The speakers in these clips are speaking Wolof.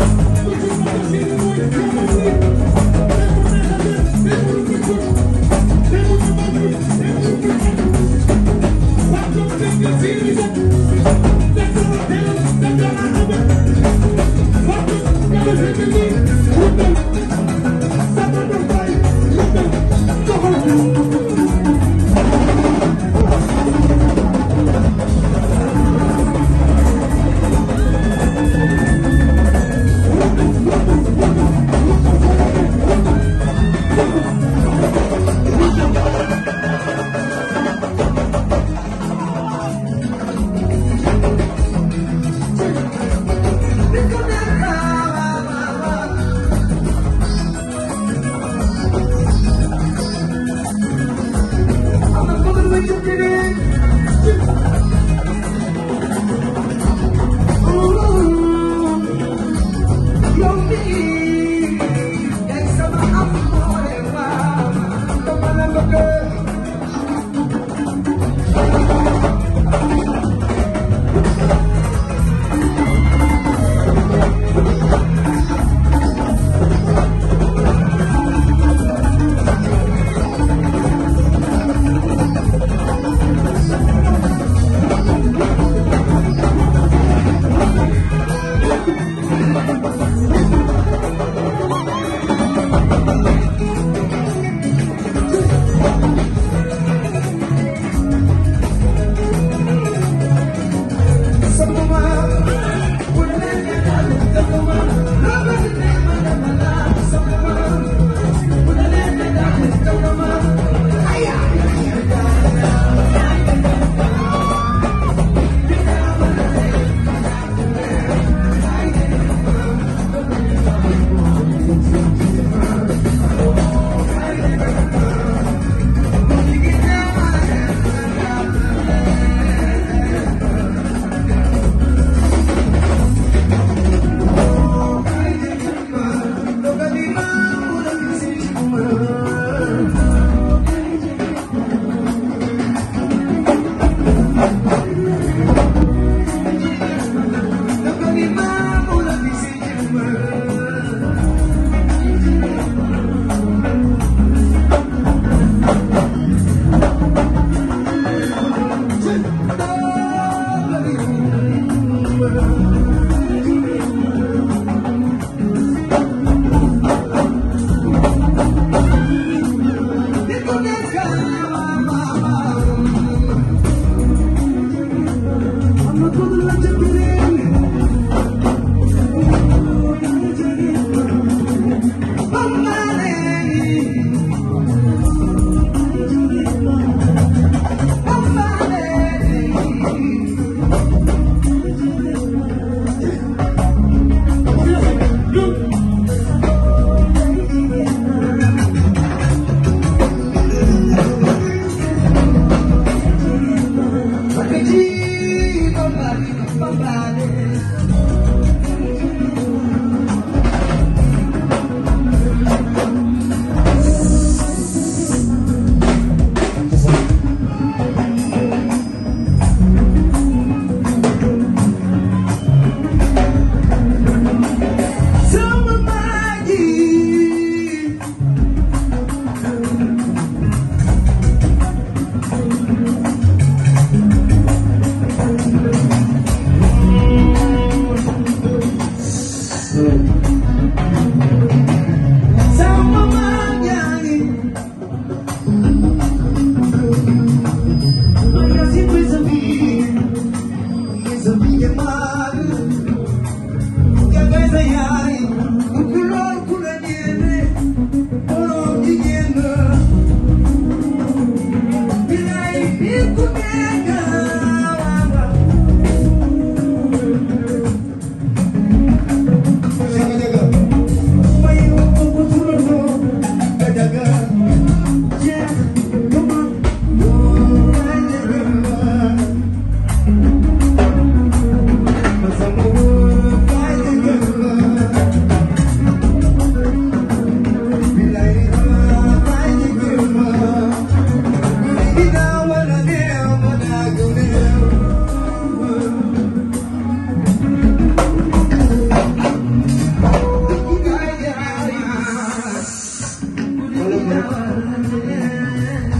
Thank you.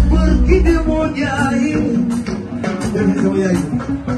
Porque demônio aí. Eu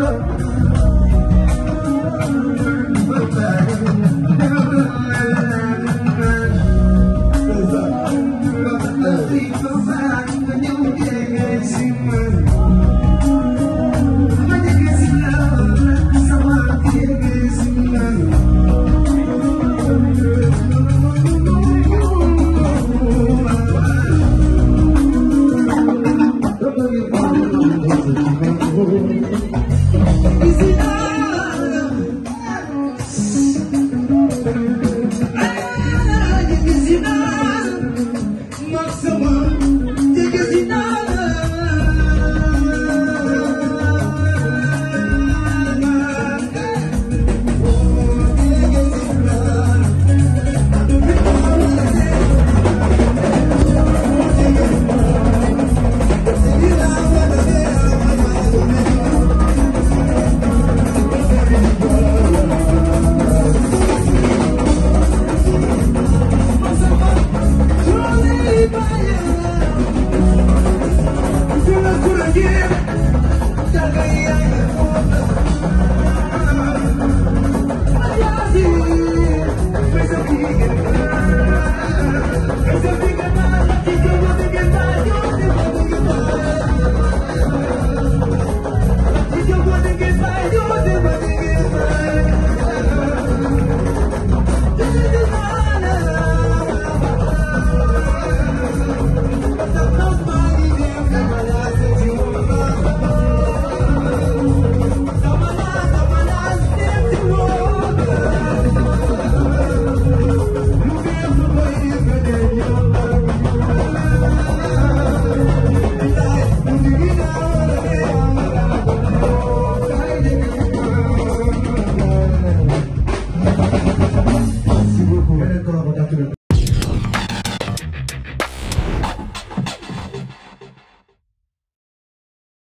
na